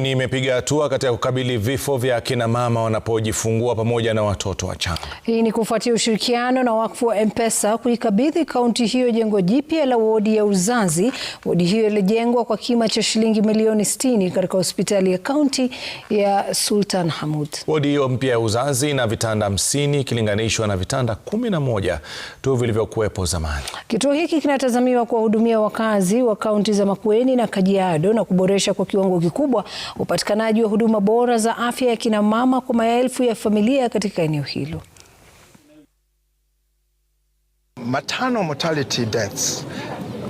Ni imepiga hatua katika kukabili vifo vya akina mama wanapojifungua pamoja na watoto wachanga. Hii ni kufuatia ushirikiano na wakfu wa M-Pesa kuikabidhi kaunti hiyo jengo jipya la wodi ya uzazi. Wodi hiyo ilijengwa kwa kima cha shilingi milioni 60 katika hospitali ya kaunti ya Sultan Hamud. Wodi hiyo mpya ya uzazi ina vitanda 50 ikilinganishwa na vitanda 11 tu vilivyokuwepo zamani. Kituo hiki kinatazamiwa kuwahudumia wakazi wa kaunti za Makueni na Kajiado na kuboresha kwa kiwango kikubwa upatikanaji wa huduma bora za afya ya kina mama kwa maelfu ya familia katika eneo hilo. Maternal mortality deaths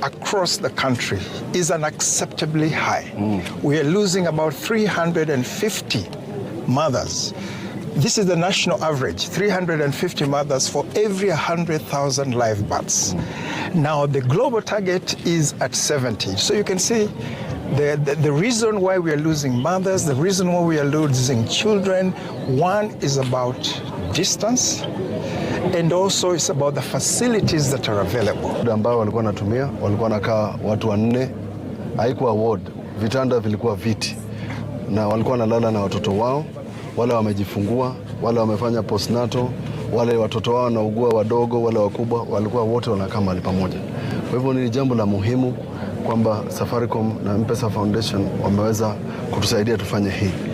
across the country is unacceptably high. Mm. We are losing about 350 mothers. This is the national average, 350 mothers for every 100,000 live births. Mm. Now the global target is at 70. So you can see The, the, the, reason why we are losing mothers, the reason why we are losing children, one is about distance and also it's about the facilities that are available. ambao walikuwa wanatumia walikuwa wanakaa watu wanne, haikuwa ward, vitanda vilikuwa viti, na walikuwa wanalala na watoto wao, wale wamejifungua, wale wamefanya postnatal, wale watoto wao wanaugua wadogo, wale wakubwa, walikuwa wote wanakaa mahali pamoja. Kwa hivyo ni jambo la muhimu kwamba Safaricom na Mpesa Foundation wameweza kutusaidia tufanye hii.